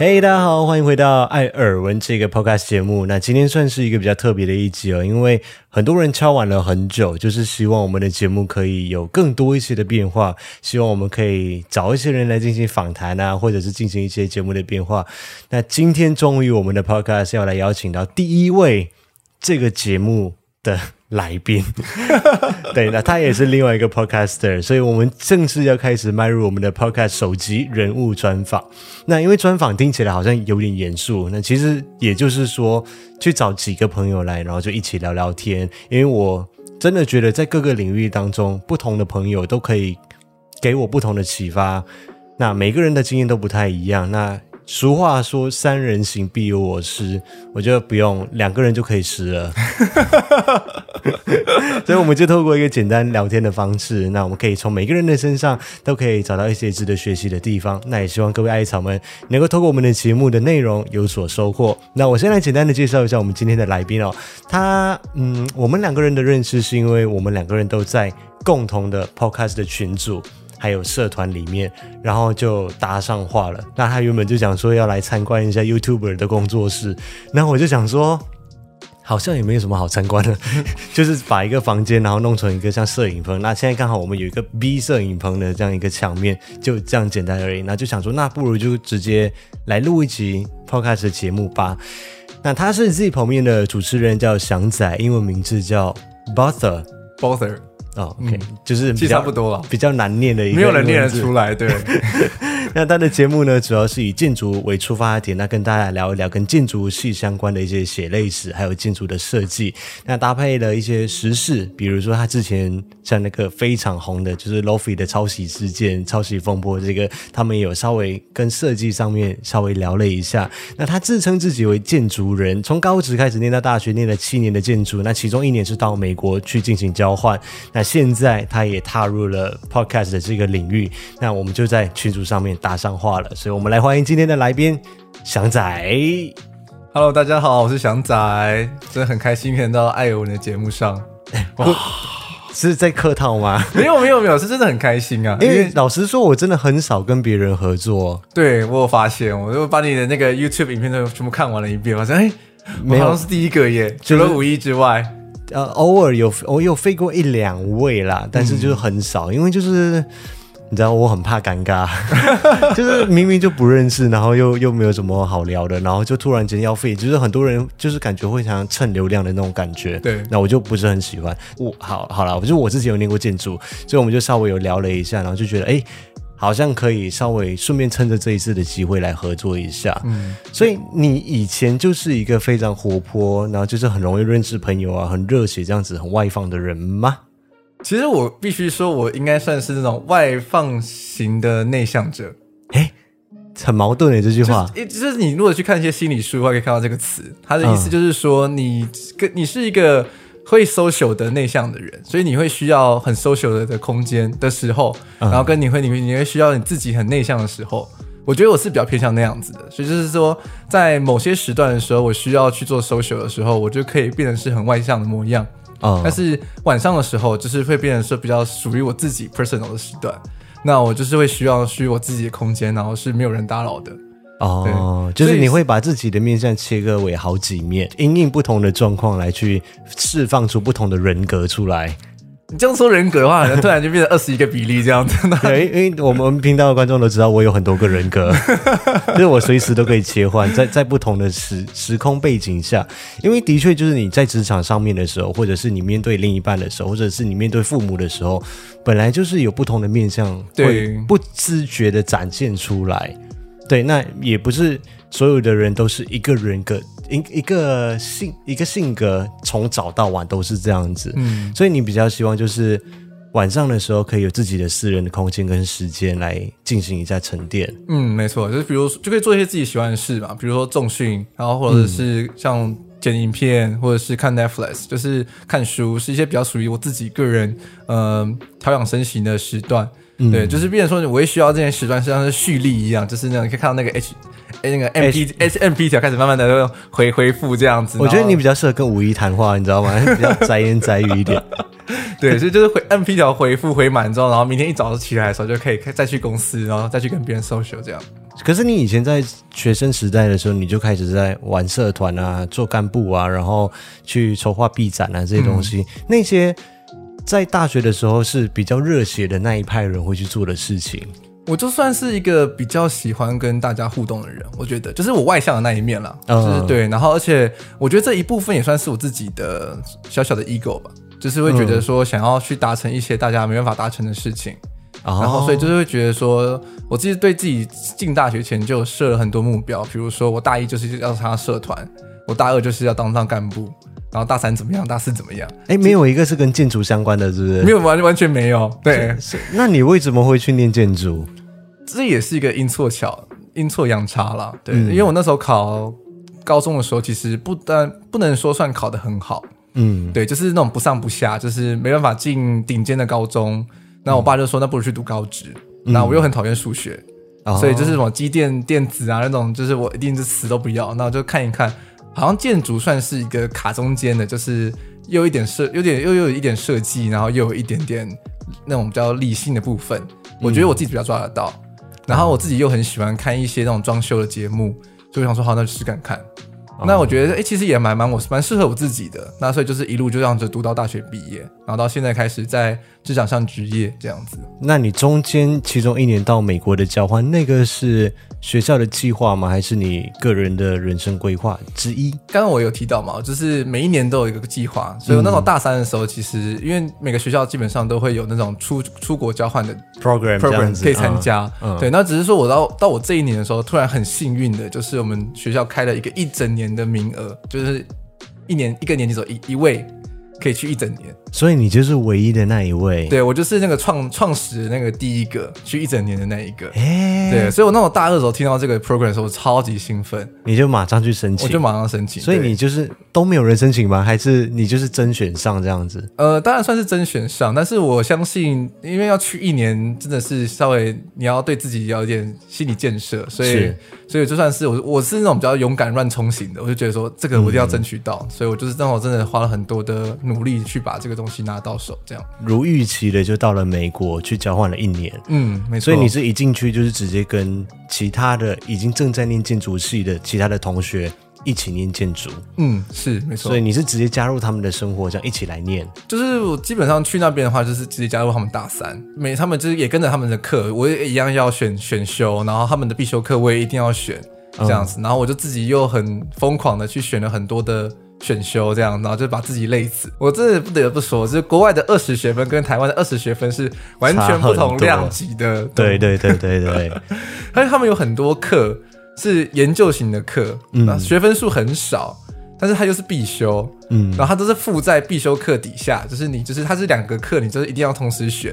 嘿，hey，大家好，歡迎回到艾爾文這個 podcast 節目。那今天算是一個比較特別的一集哦，因為很多人敲碗了很久，就是希望我們的節目可以有更多一些的變化，希望我們可以找一些人來進行訪談啊，或者是進行一些節目的變化。那今天終於，我們的 podcast 要來邀請到第一位這個節目的。來賓， 對，那他也是另外一個 podcaster，所以我們正式要開始邁入我們的 podcast 首集人物專訪。那因為專訪聽起來好像有點嚴肅，那其實也就是說去找幾個朋友來，然後就一起聊聊天。因為我真的覺得在各個領域當中，不同的朋友都可以給我不同的啟發。那每個人的經驗都不太一樣。那俗話說“三人行，必有我師”，我覺得不用兩個人就可以師了。 所以我們就透過一個簡單聊天的方式，那我們可以從每個人的身上都可以找到一些值得學習的地方。那也希望各位艾草們能夠透過我們的節目的內容有所收穫。那我先來簡單的介紹一下我們今天的來賓哦，他嗯，我們兩個人的認識是因為我們兩個人都在共同的 podcast 的群組。還有社團裡面，然後就搭上話了。那他原本就想說要來參觀一下 YouTuber 的工作室，那我就想說，好像也沒有什麼好參觀的， 就是把一個房間然後弄成一個像攝影棚。那現在剛好我們有一個 B 攝影棚的這樣一個牆面，就這樣簡單而已。那就想說，那不如就直接來錄一集 Podcast 的節目吧。那他是自己旁邊的主持人，叫翔仔，英文名字叫 Balther，Balther 哦、oh，OK，嗯、就是比較差不多了，比較難念的一個，沒有人念得出來，對。 那他的節目呢，主要是以建築為出發點，那跟大家聊一聊跟建築系相關的一些血淚史，還有建築的設計。那搭配了一些時事，比如說他之前像那個非常紅的，就是 LoFi 的抄襲事件、抄襲風波這個，他們也有稍微跟設計上面稍微聊了一下。那他自稱自己為建築人，從高職開始念到大學，念了七年的建築，那其中一年是到美國去進行交換。那現在他也踏入了 Podcast 的這個領域，那我們就在群組上面。打上話了，所以我們來歡迎今天的來賓，翔仔。Hello，大家好，我是翔仔，真的很開心看到爾文的節目上。哇、欸，是在客套嗎？ 沒有沒有沒有，是真的很開心啊。因為，因為老實說，我真的很少跟別人合作。對，我有發現，我就把你的那個 YouTube 影片都全部看完了一遍，好像哎，我好像是第一個耶，除了有五一之外，呃，偶爾有我有飛過一兩位啦，但是就是很少，嗯、因為就是。你知道我很怕尷尬， 就是明明就不認識，然後又又沒有什麼好聊的，然後就突然間要 feat，就是很多人就是感覺會想要蹭流量的那種感覺。對，那我就不是很喜歡。我好好啦，就是我自己有念過建築，所以我們就稍微有聊了一下，然後就覺得誒、欸，好像可以稍微順便趁着這一次的機會來合作一下。嗯，所以你以前就是一個非常活潑，然後就是很容易認識朋友啊，很熱血這樣子，很外放的人嗎？其實我必須說，我應該算是那種外放型的內向者。誒，很矛盾哎，你這句話，就是。就是你如果去看一些心理書的話，可以看到這個詞，它的意思就是說你，你跟、嗯、你是一個會 social 的內向的人，所以你會需要很 social 的空間的時候，嗯、然後跟你會你你會需要你自己很內向的時候。我覺得我是比較偏向那樣子的，所以就是說，在某些時段的時候，我需要去做 social 的時候，我就可以變得是很外向的模樣。啊！但是晚上的時候，就是會變成是比較屬於我自己 personal 的時段。那我就是會需要需要我自己的空間，然後是沒有人打擾的。哦，就是你會把自己的面向切割為好幾面，因應不同的狀況來去釋放出不同的人格出來。你這樣說人格的話，好像突然就變成二十一個比例這樣子了。 對，因為我們頻道的觀眾都知道，我有很多個人格， 就是我隨時都可以切換，在在不同的時時空背景下，因為的確就是你在職場上面的時候，或者是你面對另一半的時候，或者是你面對父母的時候，本來就是有不同的面向，會不自覺的展現出來。對，對，那也不是。所有的人都是一個人格，一一個性一個性格，從早到晚都是這樣子。嗯，所以你比較希望就是晚上的時候可以有自己的私人的空間跟時間來進行一下沉澱。嗯，沒錯，就是比如就可以做一些自己喜歡的事嘛，比如說重訓，然後或者是像剪影片，嗯、或者是看 Netflix，就是看書，是一些比較屬於我自己個人，嗯、呃，調養身形的時段。嗯、對，就是變成說我也需要這些時段，像是蓄力一樣，就是那你可以看到那個 H。哎，那個 M P S M P 條開始慢慢的回恢復這樣子，我覺得你比較適合跟五一談話，你知道嗎？ 比較宅言宅語一點。 對，所以就是回 M P 條回復回滿之後，然後明天一早起來的時候就可以再去公司，然後再去跟別人 social 這樣。可是你以前在學生時代的時候，你就開始在玩社團啊、做幹部啊，然後去籌劃畢展啊這些東西，嗯、那些在大學的時候是比較熱血的那一派人會去做的事情。我就算是一個比較喜歡跟大家互動的人，我覺得就是我外向的那一面啦，就、嗯、是對。然後，而且我覺得這一部分也算是我自己的小小的 ego 吧，就是會覺得說想要去達成一些大家沒辦法達成的事情，嗯、然後所以就是會覺得說，我自己對自己進大學前就設了很多目標，比如說我大一就是要當上社團，我大二就是要當上幹部，然後大三怎麼樣，大四怎麼樣？誒、欸，沒有一個是跟建築相關的，是不是？沒有完，完全沒有。對是是，那你為什麼會去念建築？這也是一個陰錯巧，陰錯陽差了，對，嗯、因為我那時候考高中的時候，其實不但、呃、不能說算考得很好，嗯，對，就是那種不上不下，就是沒辦法進頂尖的高中。那我爸就說，那不如去讀高職。那、嗯、我又很討厭數學，嗯、然後所以就是什麼機電電子啊那種，就是我一定是死都不要。那我就看一看，好像建築算是一個卡中間的，就是又有一點設，有點又有一點設計，然後又有一點點那種比較理性的部分。嗯、我覺得我自己比較抓得到。然後我自己又很喜歡看一些那種裝修的節目，就想說好，那就試試看。那我覺得，哎、欸，其實也蠻蠻，我是蠻適合我自己的。那所以就是一路就這樣子讀到大學畢業。然後到現在開始在職場上職業這樣子。那你中間其中一年到美國的交換，那個是學校的計劃嗎？還是你個人的人生規劃之一？剛剛我有提到嘛，就是每一年都有一個計劃，嗯、所以那種大三的時候，其實因為每個學校基本上都會有那種出出國交換的 program program 可以參加。嗯嗯、對，那只是說我到到我這一年的時候，突然很幸運的就是我們學校開了一個一整年的名額，就是一年一個年級只一一位，可以去一整年，所以你就是唯一的那一位。對，我就是那個創創始那個第一個去一整年的那一個。對，所以我那種大二的時候聽到這個 program 的時候，我超級興奮。你就馬上去申請？我就馬上申請。所以你就是都沒有人申請嗎？還是你就是甄選上這樣子？呃，當然算是甄選上，但是我相信，因為要去一年，真的是稍微你要對自己要一點心理建設，所以是所以就算是我我是那種比較勇敢亂衝型的，我就覺得說這個我一定要爭取到，嗯、所以我就是那時真的花了很多的努力去把這個東西拿到手，這樣。如預期的，就到了美國去交換了一年。嗯，沒錯。所以你是一進去就是直接。跟其他的已經正在念建築系的其他的同學一起念建築，嗯，是沒錯。所以你是直接加入他們的生活，這樣一起來念。就是我基本上去那邊的話，就是直接加入他們大三，每他們就是也跟着他們的課，我也一樣要選選修，然後他們的必修課我也一定要選這樣子，嗯、然後我就自己又很瘋狂的去選了很多的。選修這樣，然後就把自己累死。我真的不得不說，就是國外的二十學分跟台灣的二十學分是完全不同量級的。對對對對對，對， 他們有很多課是研究型的課，嗯，學分數很少，但是它又是必修，嗯，然後它都是附在必修課底下，嗯、就是你就是它是兩個課，你就是一定要同時選。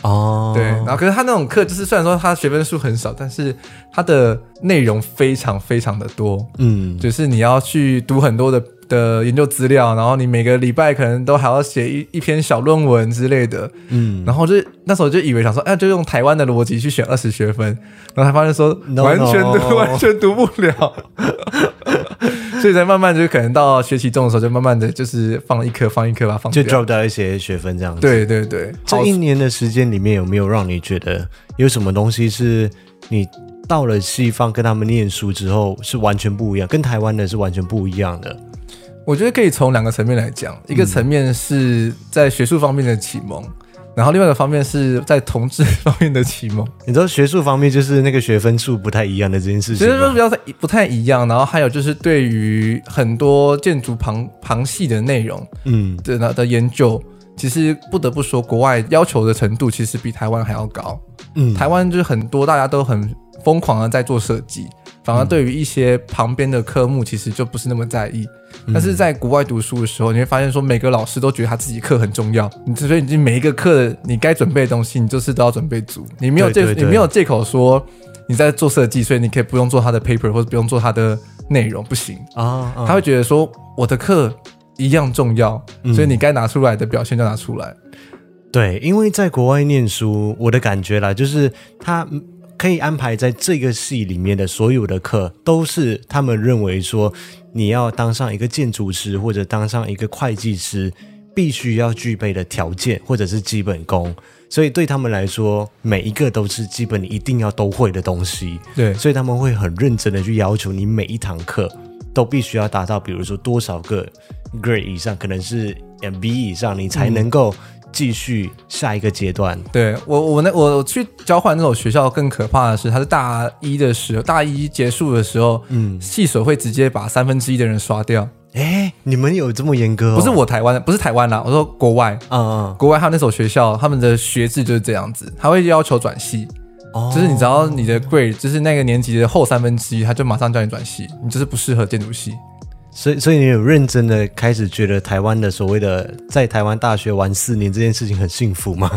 哦，對，然後可是他那種課就是雖然說它學分數很少，但是它的內容非常非常的多，嗯，就是你要去讀很多的的研究資料，然後你每個禮拜可能都還要寫一一篇小論文之類的，嗯，然後就那時候就以為想說，哎，就用台灣的邏輯去選二十學分，然後才發現說 No 完全讀 no 完全讀不了， 所以才慢慢就可能到學期中的時候，就慢慢的就是放一科放一科吧，放就 drop 掉一些學分這樣子。對對對，這一年的時間裡面，有沒有讓你覺得有什麼東西是你到了西方跟他們唸書之後是完全不一樣，跟台灣的是完全不一樣的？我覺得可以從兩個層面來講，一個層面是在學術方面的啟蒙，嗯、然後另外一個方面是在同志方面的啟蒙。你知道學術方面就是那個學分數不太一樣的這件事情，其實都比較不太一樣。然後還有就是對於很多建築旁旁系的內容，嗯，的的研究，其實不得不說，國外要求的程度其實比台灣還要高。嗯，台灣就是很多大家都很瘋狂的在做設計。反而對於一些旁邊的科目，其實就不是那麼在意。嗯、但是在國外讀書的時候，你會發現說，每個老師都覺得他自己課很重要。你之所以，你每一個課你該準備的東西，你就是都要準備足。你沒有這，你沒有借、對對對、你沒有借口說你在做設計，所以你可以不用做他的 paper 或者不用做他的內容，不行啊。哦哦、他會覺得說，我的課一樣重要，所以你該拿出來的表現就拿出來、嗯。對，因為在國外念書，我的感覺啦，就是他。可以安排在這個系裡面的所有的課，都是他們認為說，你要當上一個建築師或者當上一個會計師，必須要具備的條件或者是基本功。所以對他們來說，每一個都是基本你一定要都會的東西。對，所以他們會很認真的去要求你，每一堂課都必須要達到，比如說多少個 grade 以上，可能是 MB 以上，你才能夠。繼續下一個階段，對，我我，那我去交換那所學校更可怕的是，他是大一的時候，大一結束的時候，嗯，系所會直接把三分之一的人刷掉。哎，你們有這麼嚴格哦？不是我台灣，不是台灣啦，我說國外，嗯嗯，國外他那所學校，他們的學制就是這樣子，他會要求轉系，哦，就是你只要你的 grade，就是那個年級的後三分之一，他就馬上叫你轉系，你就是不適合建築系。所以，所以你有認真的開始覺得台灣的所謂的在台灣大學玩四年這件事情很幸福嗎？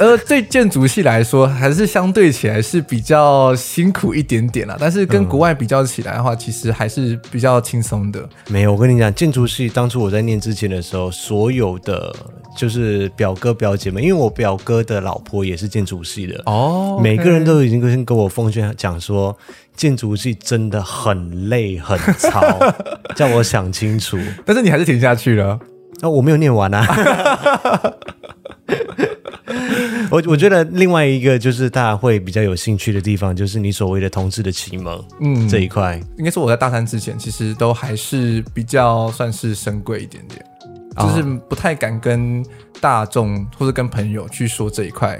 呃，對建築系來說，還是相對起來是比較辛苦一點點啦。但是跟國外比較起來的話，嗯，其實還是比較輕鬆的。沒有，我跟你講，建築系當初我在念之前的時候，所有的就是表哥表姐們，因為我表哥的老婆也是建築系的哦，Oh, okay. 每個人都已經跟跟我奉勸講說。建築系真的很累很糙，叫我想清楚。 但是你還是挺下去了。那、哦、我沒有念完啊。 我我覺得另外一個就是大家會比較有興趣的地方，就是你所謂的同志的啟蒙，嗯，這一塊，應該是我在大三之前，其實都還是比較算是深櫃一點點，就是不太敢跟大眾或者跟朋友去說這一塊。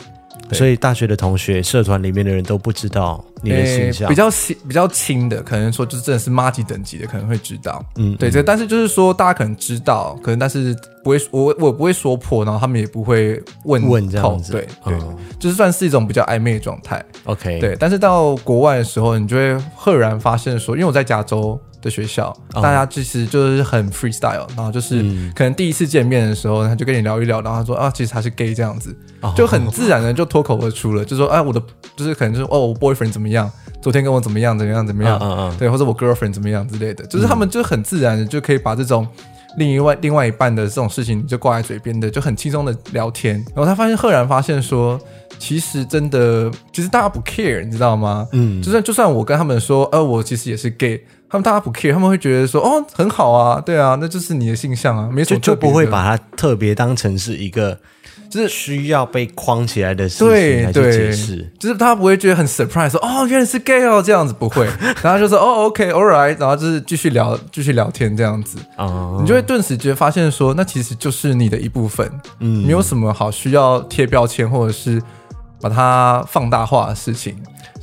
對所以大學的同學、社團裡面的人都不知道你的形象、欸，比較親、比較親的，可能說就真的是麻吉等級的，可能會知道。嗯，對，這個、但是就是說大家可能知道，可能但是不會，我我不會說破，然後他們也不會問，問這樣子，對、嗯、對，就是算是一種比較曖昧的狀態。OK，對，但是到國外的時候，你就會赫然發現說，因為我在加州。的學校，大家其實就是很 freestyle，然後就是可能第一次見面的時候，他就跟你聊一聊，然後他說啊，其實他是 gay 這樣子，就很自然的就脫口而出了，就說啊，我的就是可能就是哦，我 boyfriend 怎麼樣，昨天跟我怎麼樣，怎麼樣，怎麼樣，嗯嗯，對，或者我 girlfriend 怎麼樣之類的，就是他們就很自然的就可以把這種另外另外一半的這種事情就掛在嘴邊的，就很輕鬆的聊天，然後他發現赫然發現說。其實真的，其實大家不 care，你知道嗎？嗯，就算就算我跟他們說，呃，我其實也是 gay，他們大家不 care，他們會覺得說，哦，很好啊，對啊，那就是你的性向啊，沒什麼。就，就不會把它特別當成是一個，就是需要被框起來的事情來去解釋。就是大家不會覺得很 surprise，說，哦，原來是 gay 哦，這樣子不會。然後就說， 哦，OK，alright，、okay, 然後就是繼續聊，繼續聊天這樣子。啊、哦，你就會頓時覺得發現說，那其實就是你的一部分，嗯，沒有什麼好需要貼標籤或者是。把它放大化的事情，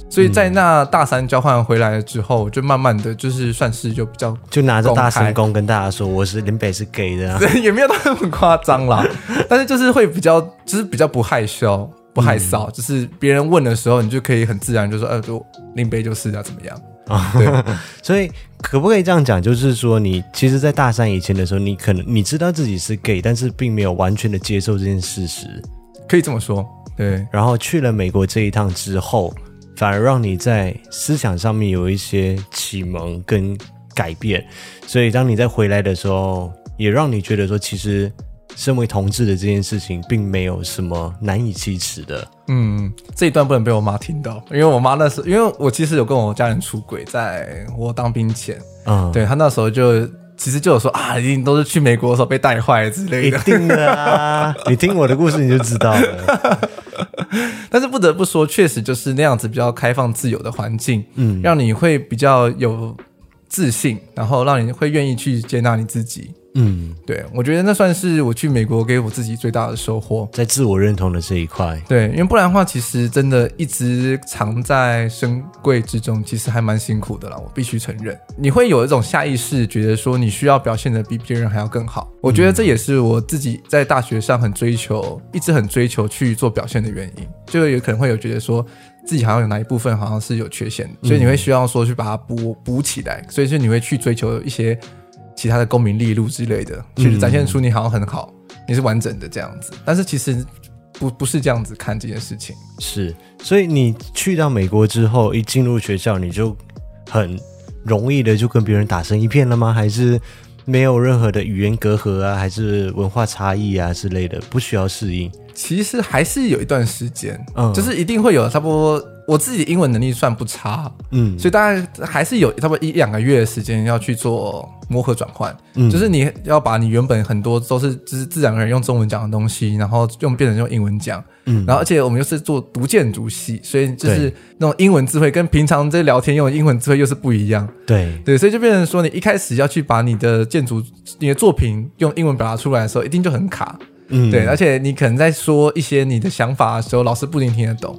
所以在那大三交換回來了之後，就慢慢的就是算是就比較就拿着大聲公跟大家說，我是林北是 gay 的，也沒有到那麼誇張啦， 但是就是會比較就是比較不害羞不害臊，嗯、就是別人問的時候，你就可以很自然就說，呃，就林北就是要、啊、怎麼樣，對。 所以可不可以這樣講？就是說，你其實，在大三以前的時候，你可能你知道自己是 gay，但是並沒有完全的接受這件事實，可以這麼說。對，然後去了美國這一趟之後，反而讓你在思想上面有一些啟蒙跟改變，所以當你在回來的時候，也讓你覺得說，其實身為同志的這件事情，並沒有什麼難以啟齒的。嗯，這一段不能被我媽聽到，因為我媽那時候，因為我其實有跟我家人出軌，在我當兵前。嗯，對，她那時候就其實就有說啊，一定都是去美國的時候被帶壞之類的。一定的啊， 你聽我的故事你就知道了。 但是不得不說，確實就是那樣子比較開放自由的環境，嗯，讓你會比較有自信，然後讓你會願意去接納你自己。嗯，對，我覺得那算是我去美國給我自己最大的收穫，在自我認同的這一塊。對，因為不然的話，其實真的一直藏在深櫃之中，其實還蠻辛苦的啦。我必須承認，你會有一種下意識覺得說，你需要表現得比別人還要更好。我覺得這也是我自己在大學上很追求，一直很追求去做表現的原因。就有可能會有覺得說，自己好像有哪一部分好像是有缺陷的，所以你會需要說去把它補補起來，所以是你會去追求一些。其他的功名利祿之類的，其實展現出你好像很好，嗯，你是完整的這樣子，但是其實不不是這樣子看這件事情。是，所以你去到美國之後，一進入學校，你就很容易的就跟別人打成一片了嗎？還是沒有任何的語言隔閡啊，還是文化差異啊之類的，不需要適應？其實還是有一段時間，嗯，就是一定會有差不多。我自己英文能力算不差，嗯，所以大概還是有差不多一兩個月的時間要去做磨合轉換，嗯，就是你要把你原本很多都是就是自然而然用中文講的東西，然後用變成用英文講，嗯，然後而且我們又是做讀建築系，所以就是對那種英文詞彙跟平常在聊天用的英文詞彙又是不一樣，對對，所以就變成說你一開始要去把你的建築你的作品用英文表達出來的時候，一定就很卡，嗯，對，而且你可能在說一些你的想法的時候，老師不一定聽得懂。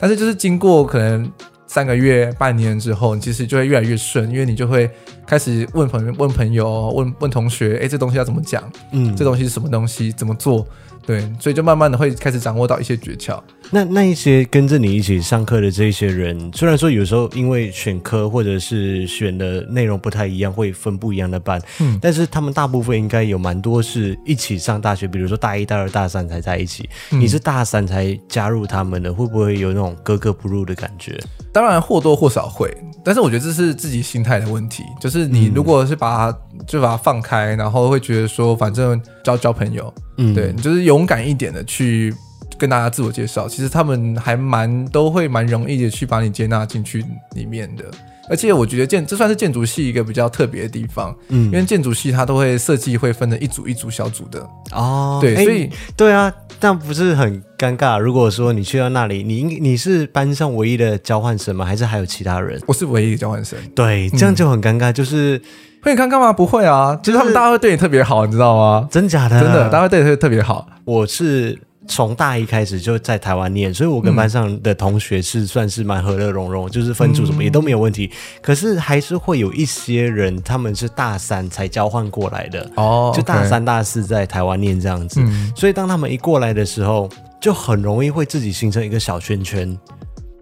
但是就是經過可能三個月、半年之後，其實就會越來越順，因為你就會。開始問朋友問朋友問問同學，哎、欸，這東西要怎麼講？嗯，這東西是什麼東西？怎麼做？對，所以就慢慢的會開始掌握到一些訣竅。那那一些跟着你一起上課的這一些人，雖然說有時候因為選科或者是選的內容不太一樣，會分不一樣的班，嗯，但是他們大部分應該有蠻多是一起上大學，比如說大一大二大三才在一起。嗯、你是大三才加入他們的，會不會有那種格格不入的感覺？當然或多或少會，但是我覺得這是自己心態的問題，就是。就是你如果是把它，嗯，就把它放開，然後會覺得說反正交交朋友，嗯，對，你就是勇敢一點的去跟大家自我介紹，其實他們還蠻都會蠻容易的去把你接納進去裡面的。而且我覺得建這算是建築系一個比較特別的地方，嗯，因為建築系它都會設計會分成一組一組小組的哦，對，所以、欸、對啊，但不是很尷尬？如果說你去到那裡，你應你是班上唯一的交換生嗎？還是還有其他人？我是唯一的交換生，對，這樣就很尷尬，嗯、就是會尷尬嗎？不會啊，其實、就是、他們大家會對你特別好，你知道嗎？真假的，真的，大家會對你特別好。我是。從大一開始就在台灣念，所以我跟班上的同學是算是蠻和樂融融，嗯、就是分組什麼也都沒有問題。可是還是會有一些人，他們是大三才交換過來的，哦，就大三、大四在台灣念這樣子。嗯、所以當他們一過來的時候，就很容易會自己形成一個小圈圈。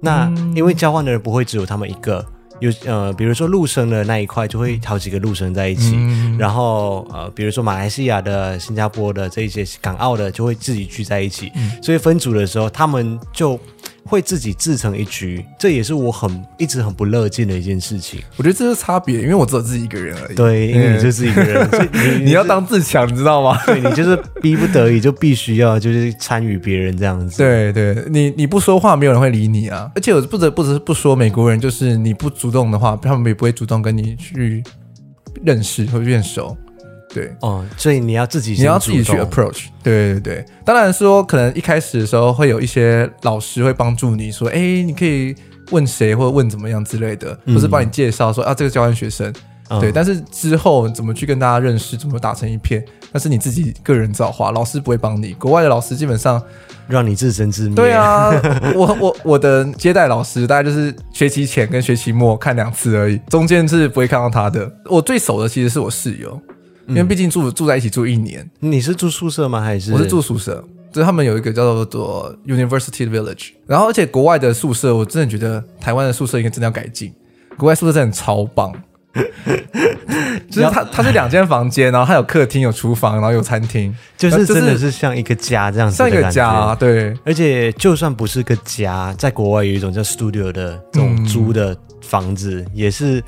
那因為交換的人不會只有他們一個。有呃，比如說陸生的那一塊，就會好幾個陸生在一起，嗯、然後呃，比如說馬來西亞的、新加坡的，這一些港澳的，就會自己聚在一起，嗯、所以分組的時候，他們就。會自己自成一局，這也是我很一直很不樂見的一件事情。我覺得這是差別，因為我只有自己一個人而已。對，因為你就是一個人，嗯、你， 你要當自強，你知道嗎？對，你就是逼不得已，就必須要就是參與別人這樣子。對，對，對你你不說話，沒有人會理你啊。而且我不得不不不說，美國人就是你不主動的話，他們也不會主動跟你去認識或變熟。對哦，所以你要自己你要自己去 approach，對對對，當然說，可能一開始的時候會有一些老師會幫助你說，哎、欸，你可以問誰或者問怎麼樣之類的，嗯、或是幫你介紹說啊，這個交換學生，嗯、對。但是之後怎麼去跟大家認識，怎麼打成一片，那是你自己個人造化，老師不會幫你。國外的老師基本上讓你自生自滅。對啊，我我我的接待老師大概就是學期前跟學期末看兩次而已，中間是不會看到他的。我最熟的其實是我室友。因為畢竟住住在一起住一年，嗯，你是住宿舍嗎？還是？我是住宿舍。就是他們有一個叫做 University Village。然後而且國外的宿舍，我真的覺得台灣的宿舍應該真的要改進。國外宿舍真的超棒， 就是它後它是兩間房間，然後它有客廳、有廚房，然後有餐廳，就是真的是像一個家這樣子。像一個家，對。而且就算不是個家，在國外有一種叫 studio 的這種租的房子，嗯、也是。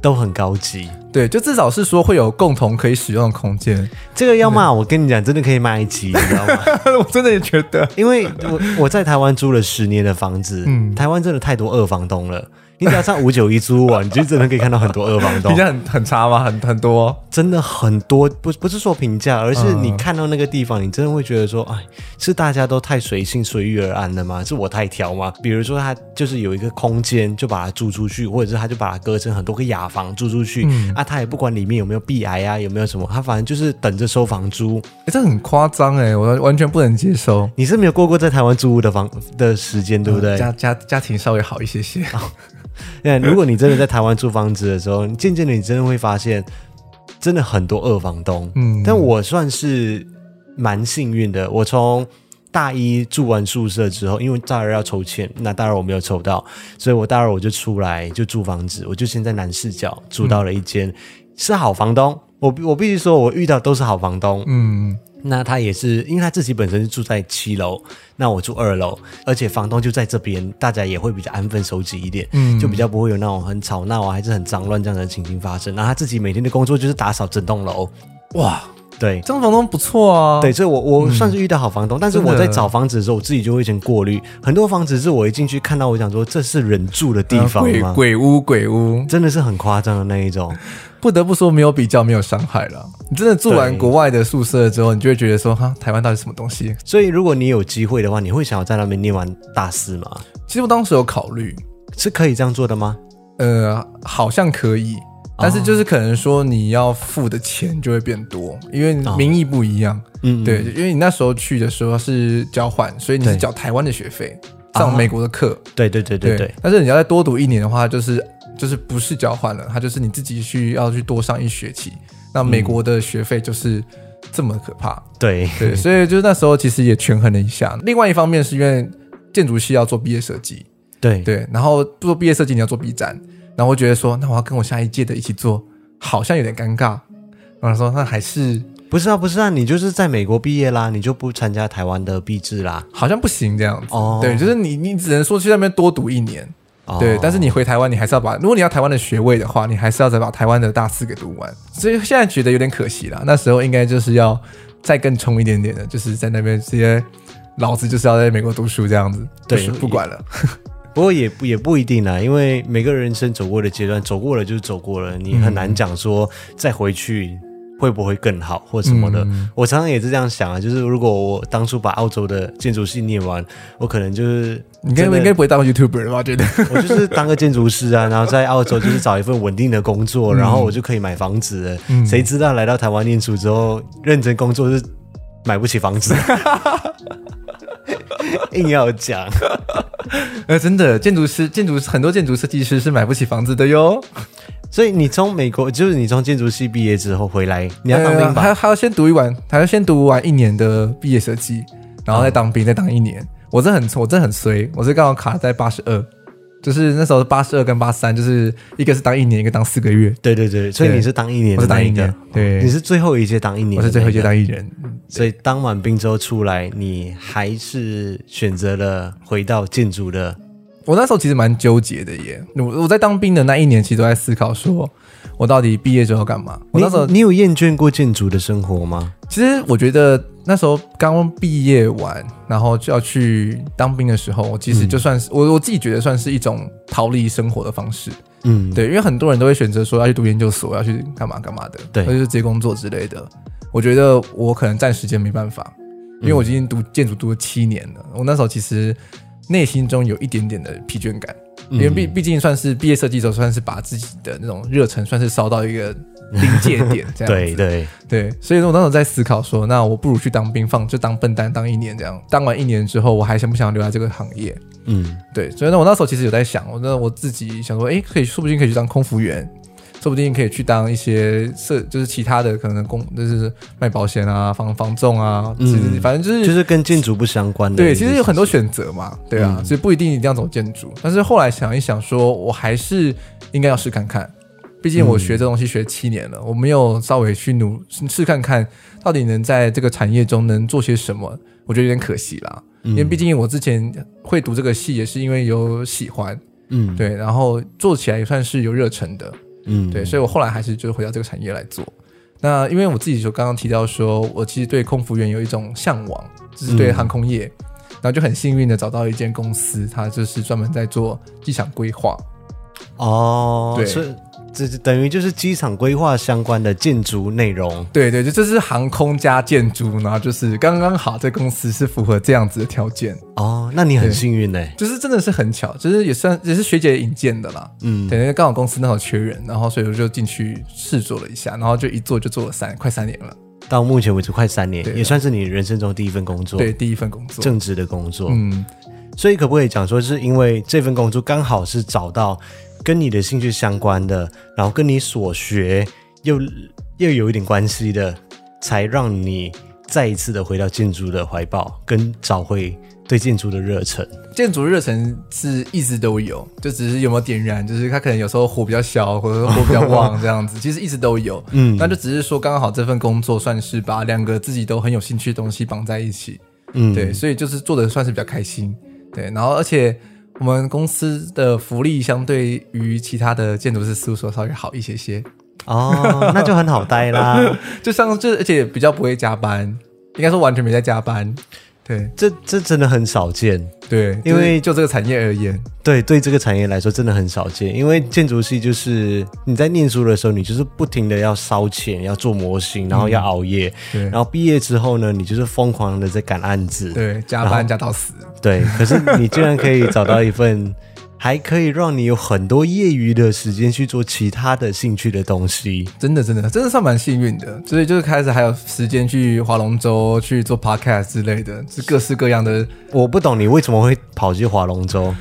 都很高級，對，就至少是說會有共同可以使用的空間、嗯。這個要罵對我跟你講，真的可以罵一集，你知道嗎？ 我真的也覺得，因為我我在台灣租了十年的房子，嗯、台灣真的太多二房東了。你只要上五九一租啊， 你就真的可以看到很多二房東評價很很差嗎？很很多，真的很多，不不是說評價，而是你看到那個地方，嗯、你真的會覺得說，哎，是大家都太隨性隨遇而安了嗎？是我太挑嗎？比如說他就是有一個空間就把它租出去，或者是他就把它隔成很多個雅房租出去，嗯、啊，他也不管裡面有沒有壁癌啊，有沒有什麼，他反正就是等着收房租。哎、欸，這很誇張哎、欸，我完全不能接受。你是沒有過過在台灣租屋的房的時間，對不對？嗯、家家家庭稍微好一些些。哦那如果你真的在台灣租房子的時候，你漸漸的你真的會發現，真的很多二房東。嗯，但我算是蠻幸運的。我從大一住完宿舍之後，因為大二要抽籤，那大二我沒有抽到，所以我大二我就出來就租房子，我就先在南勢角租到了一間、嗯、是好房東。我我必須說我遇到都是好房東。嗯。那他也是，因為他自己本身是住在七樓，那我住二樓，而且房東就在這邊，大家也會比較安分守己一點，嗯、就比較不會有那種很吵鬧啊，還是很髒亂這樣的情形發生。那他自己每天的工作就是打掃整棟樓，哇！對，這種房東不錯啊。對，所以我我算是遇到好房東。嗯、但是我在找房子的時候，的我自己就會先過濾很多房子。是我一進去看到，我想說這是人住的地方嗎？呃、鬼，鬼屋，鬼屋，真的是很誇張的那一種。不得不說，沒有比較，沒有傷害了。你真的住完國外的宿舍之後，你就會覺得說，哈，台灣到底是什麼東西？所以如果你有機會的話，你會想要在那邊念完大四嗎？其實我當時有考慮，是可以這樣做的嗎？呃，好像可以。但是就是可能說你要付的錢就會變多，因為名義不一樣。嗯、哦，對，因為你那時候去的時候是交換，嗯嗯，所以你是繳台灣的學費，對，上美國的課。啊啊對對對對，對，對，對。但是你要再多讀一年的話，就是就是不是交換了，它就是你自己去要去多上一學期。那美國的學費就是這麼可怕。嗯、對對，所以就是那時候其實也權衡了一下。另外一方面是因為建築系要做畢業設計，對對，然後不做畢業設計你要做 B 站。然後我覺得說，那我要跟我下一屆的一起做，好像有點尷尬。然後他說，那還是不是啊？不是啊？你就是在美國畢業啦，你就不參加台灣的畢制啦？好像不行這樣子。哦、對，就是你，你只能說去那邊多讀一年。哦、對，但是你回台灣，你還是要把，如果你要台灣的學位的話，你還是要再把台灣的大四給讀完。所以現在覺得有點可惜啦。那時候應該就是要再更衝一點點的，就是在那邊直接老子就是要在美國讀書這樣子。對，對，不管了。 不過也不也不一定啦、啊，因為每個人生走過的階段走過了就是走過了，你很難講說再回去會不會更好或什麼的。嗯、我常常也是這樣想啊，就是如果我當初把澳洲的建築系唸完，我可能就是你應該應的該不會當 YouTuber 吧？我覺得我就是當個建築師啊，然後在澳洲就是找一份穩定的工作，嗯、然後我就可以買房子了。嗯、誰知道來到台灣念書之後，認真工作是買不起房子。 硬要講 講， 呃，真的，建築師、建築很多建築設計師是買不起房子的喲。所以你從美國，就是你從建築系畢業之後回來，你要當兵吧，他他要先讀一完，他要先讀完一年的畢業設計，然後再當兵，嗯、再當一年。我這很我這很衰，我這剛好卡在八十二。.就是那時候八十二跟八十三，就是一個是當一年，一個當四個月。對對對，對所以你是當一年的一，我是當一年，哦、對，你是最後一屆當一年的一，我是最後一屆當一年。對所以當完兵之後出來，你還是選擇了回到建築的。我那時候其實蠻糾結的耶，我我在當兵的那一年，其實都在思考說我到底畢業之後幹嘛。我那時候，你，你有厭倦過建築的生活嗎？其實我覺得。那時候剛畢業完，然後就要去當兵的時候，我其實就算是我、嗯、我自己覺得算是一種逃離生活的方式，嗯，對，因為很多人都會選擇說要去讀研究所，要去幹嘛幹嘛的，對，或者是直接工作之類的。我覺得我可能暫時間沒辦法，因為我已經讀建築讀了七年了，嗯、我那時候其實內心中有一點點的疲倦感，因為畢畢竟算是畢業設計的時候，算是把自己的那種熱忱算是燒到一個臨界點這樣子， 對對對，所以說我那時候在思考說，那我不如去當兵放，就當笨蛋當一年，這樣當完一年之後，我還想不想要留在這個行業？嗯，對。所以呢，我那時候其實有在想，我那我自己想說，誒、欸，可以，說不定可以去當空服員，說不定可以去當一些設，就是其他的可能工，就是賣保險啊，房房仲啊，嗯、其實反正就是就是跟建築不相關的、欸。對，其實有很多選擇嘛，對啊，嗯、所以不一定一定要走建築。但是後來想一想說，說我還是應該要試看看。畢竟我學這東西學七年了，嗯、我沒有稍微去努試看看，到底能在這個產業中能做些什麼，我覺得有點可惜啦。嗯、因為畢竟我之前會讀這個系，也是因為有喜歡，嗯，對，然後做起來也算是有熱忱的，嗯，對，所以我後來還是就回到這個產業來做。那因為我自己就剛剛提到說，說我其實對空服員有一種向往，就是對航空業，嗯、然後就很幸運的找到一間公司，它就是專門在做機場規劃，哦，對。這是等於就是機場規劃相關的建築內容，對對，就這是航空加建築，然後就是剛剛好這公司是符合這樣子的條件哦。那你很幸運呢、欸？就是真的是很巧，就是也算也是學姐引薦的啦。嗯，等於剛好公司剛好缺人，然後所以我就進去試做了一下，然後就一做就做了三快三年了。到目前為止快三年，啊、也算是你人生中第一份工作。對，第一份工作，正職的工作。嗯，所以可不可以講說是因為這份工作剛好是找到，跟你的興趣相關的，然後跟你所學又又有一點關係的，才讓你再一次的回到建築的懷抱，跟找回對建築的熱忱。建築熱忱是一直都有，就只是有沒有點燃，就是他可能有時候火比較小，或者火比較旺這樣子， 其實一直都有。嗯，那就只是說剛剛好這份工作算是把兩個自己都很有興趣的東西綁在一起。嗯，對，所以就是做的算是比較開心。對，然後而且。我們公司的福利相對於其他的建築師事務所稍微好一些些哦，那就很好待啦， 就像，就，而且比較不會加班，應該說完全沒在加班。對，這這真的很少見。對，因為就，就這個產業而言，對對這個產業來說真的很少見。因為建築系就是你在念書的時候，你就是不停的要燒錢，要做模型，然後要熬夜。嗯，然後畢業之後呢，你就是瘋狂的在趕案子，對，加班加到死。對，可是你居然可以找到一份。 還可以讓你有很多業餘的時間去做其他的興趣的東西，真的真的真的算蠻幸運的。所以就是開始還有時間去划龍舟、去做 podcast 之類的，就是各式各樣的。我不懂你為什麼會跑去划龍舟？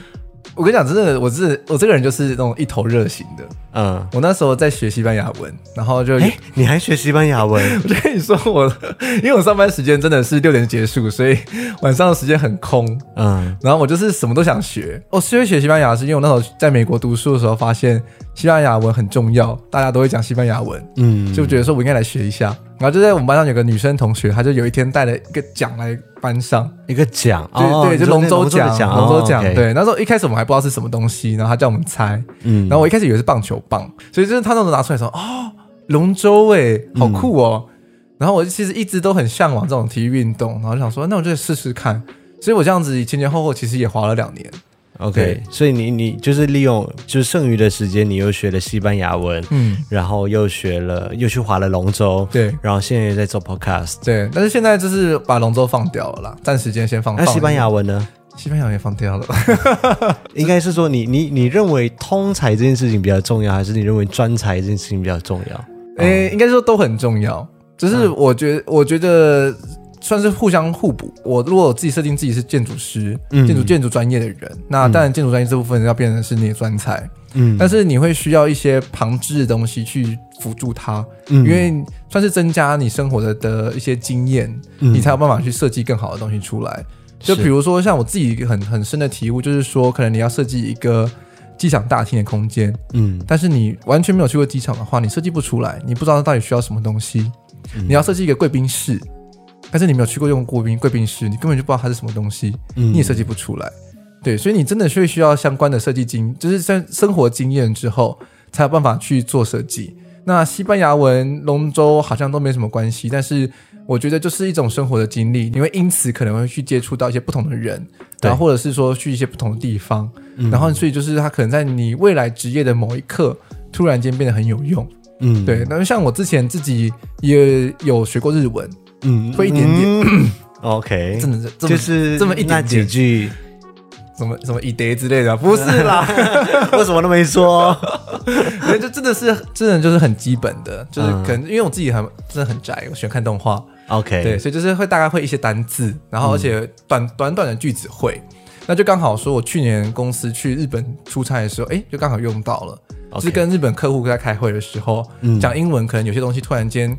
我跟你講，真的，我是我這個人就是那種一頭熱型的。嗯，我那時候在學西班牙文，然後就，欸，你還學西班牙文？ 我跟你說我，我因為我上班時間真的是六點結束，所以晚上的時間很空。嗯，然後我就是什麼都想學。哦，所以學西班牙是因為我那時候在美國讀書的時候發現西班牙文很重要，大家都會講西班牙文，嗯，就覺得說我應該來學一下。然後就在我們班上有個女生同學，她就有一天帶了一個獎來。頒上一個槳。對對，哦、對就龍舟槳、龍舟槳。州哦 okay、對，那時候一開始我們還不知道是什麼東西，然後他叫我們猜，嗯、然後我一開始以為是棒球棒，所以就是他那時候拿出來說啊，龍舟誒，好酷哦。嗯、然後我其實一直都很向往這種體育運動，然後想說那我就試試看。所以我這樣子前前後後其實也划了兩年。OK，對所以你你就是利用就是剩餘的時間，你又學了西班牙文，嗯，然後又學了，又去划了龍舟，對，然後現在也在做 podcast，對。但是現在就是把龍舟放掉了啦，暫時間先放。那西班牙文呢？西班牙文也放掉了， 應該是說你你你認為通才這件事情比較重要，還是你認為專才這件事情比較重要？誒、欸，嗯、應該說都很重要，只、就是我覺我覺得。嗯算是互相互補。我如果自己設定自己是建築師，嗯、建築建築專業的人，那當然建築專業這部分要變成是你的專才。嗯，但是你會需要一些旁支的東西去輔助它，嗯、因為算是增加你生活的的一些經驗，嗯、你才有辦法去設計更好的東西出來。嗯、就比如說像我自己很很深的體悟，就是說可能你要設計一個機場大廳的空間，嗯，但是你完全沒有去過機場的話，你設計不出來，你不知道它到底需要什麼東西。嗯、你要設計一個貴賓室。但是你沒有去過用國賓貴賓室，你根本就不知道它是什麼東西，嗯，你也設計不出來，嗯、對，所以你真的是需要相關的設計經，就是在生活經驗之後才有辦法去做設計。那西班牙文龍舟好像都沒什麼關係，但是我覺得就是一種生活的經歷，你會因此可能會去接觸到一些不同的人，對，然後或者是說去一些不同的地方，嗯、然後所以就是它可能在你未來職業的某一刻突然間變得很有用，嗯，對。那就像我之前自己也有學過日文。嗯，會一點點，OK，真的是，就是這麼一點點，那幾句，什麼什麼一疊之類的，不是啦，為什麼都沒說？就真的是，真的就是很基本的，就是可能因為我自己很真的很宅，我喜歡看動畫，OK，對，所以就是會大概會一些單字，然後而且短短短的句子會，那就剛好說我去年公司去日本出差的時候，哎，就剛好用到了，就是跟日本客戶在開會的時候講英文，可能有些東西突然間。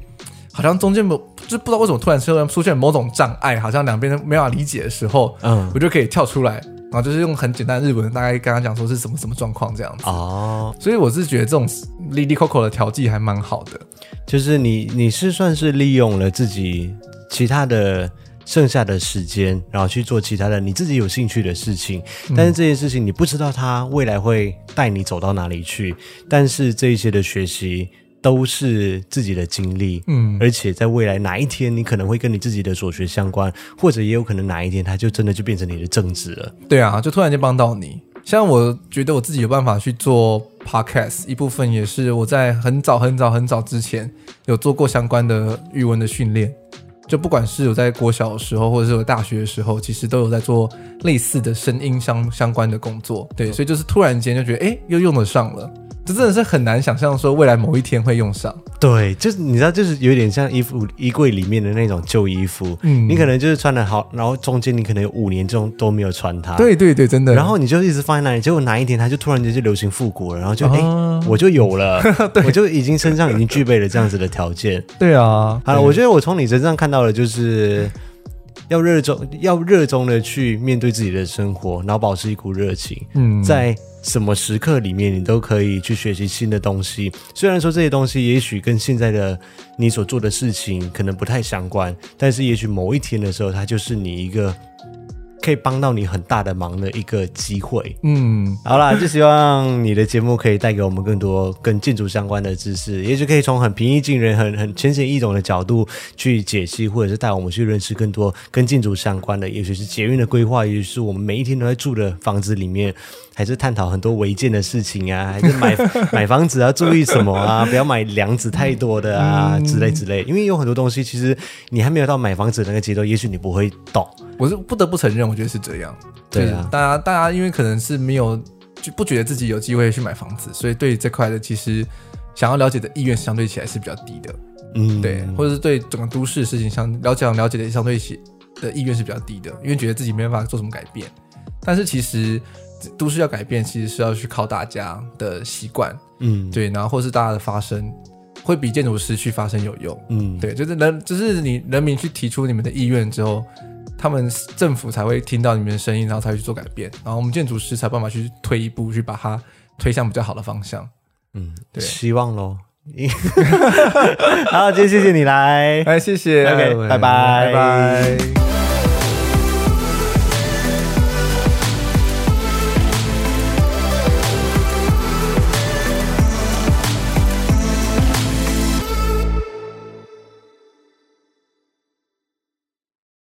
好像中間不就不知道為什麼突然出現某種障礙，好像兩邊都沒法理解的時候，嗯，我就可以跳出來，然後就是用很簡單的日文，大概剛剛講說是什麼什麼狀況這樣子哦，所以我是覺得這種 l i 扣扣的調劑還蠻好的，就是你你是算是利用了自己其他的剩下的時間，然後去做其他的你自己有興趣的事情，但是這件事情你不知道它未來會帶你走到哪裡去，但是這一些的學習。都是自己的經歷，嗯，而且在未來哪一天，你可能會跟你自己的所學相關，或者也有可能哪一天，它就真的就變成你的正職了。對啊，就突然間幫到你。像我覺得我自己有辦法去做 Podcast，一部分也是我在很早很早很早之前有做過相關的語文的訓練，就不管是我在國小的時候，或者是我大學的時候，其實都有在做類似的聲音相相關的工作。對，所以就是突然間就覺得，哎、欸，又用得上了。這真的是很難想象，說未來某一天會用上。對，就是你知道，就是有點像衣服衣櫃裡面的那種舊衣服，嗯，你可能就是穿的好，然後中間你可能有五年中都沒有穿它。對對對，真的。然後你就一直放在那裡，結果哪一天它就突然間就流行復古了，然後就哎、啊欸，我就有了， 對我就已經身上已經具備了這樣子的條件。對啊，好，對我覺得我從你身上看到的就是。要熱衷，要熱衷的去面對自己的生活，然後保持一股熱情。嗯，在什麼時刻裡面，你都可以去學習新的東西。雖然說這些東西也許跟現在的你所做的事情可能不太相關，但是也許某一天的時候，它就是你一個。可以幫到你很大的忙的一個機會。嗯，好啦，就希望你的節目可以帶給我們更多跟建築相關的知識，也許可以從很平易近人、很很淺顯易懂的角度去解析，或者是帶我們去認識更多跟建築相關的，也許是捷運的規劃，也許是我們每一天都在住的房子裡面。還是探討很多違建的事情啊，還是買買房子要，啊、 注意什麼啊？不要買樑子太多的啊。嗯、之類之類。因為有很多東西，其實你還沒有到買房子的那個節奏，也許你不會懂。我是不得不承認，我覺得是這樣。對啊，大家大家因為可能是沒有就不覺得自己有機會去買房子，所以對這塊的其實想要了解的意願相對起來是比較低的。嗯，對，或者是對整個都市的事情想了解了解的相對的意願是比較低的，因為覺得自己沒辦法做什麼改變。但是其實。都市要改變，其實是要去靠大家的習慣，嗯，對，然後或是大家的發聲，會比建築師去發聲有用，嗯，對，就是人，就是你人民去提出你們的意願之後，他們政府才會聽到你們的聲音，然後才去做改變，然後我們建築師才辦法去推一步，去把它推向比較好的方向，嗯，對，希望嘍。 好，今天謝謝你來，來、哎、謝謝位，OK，拜，拜拜。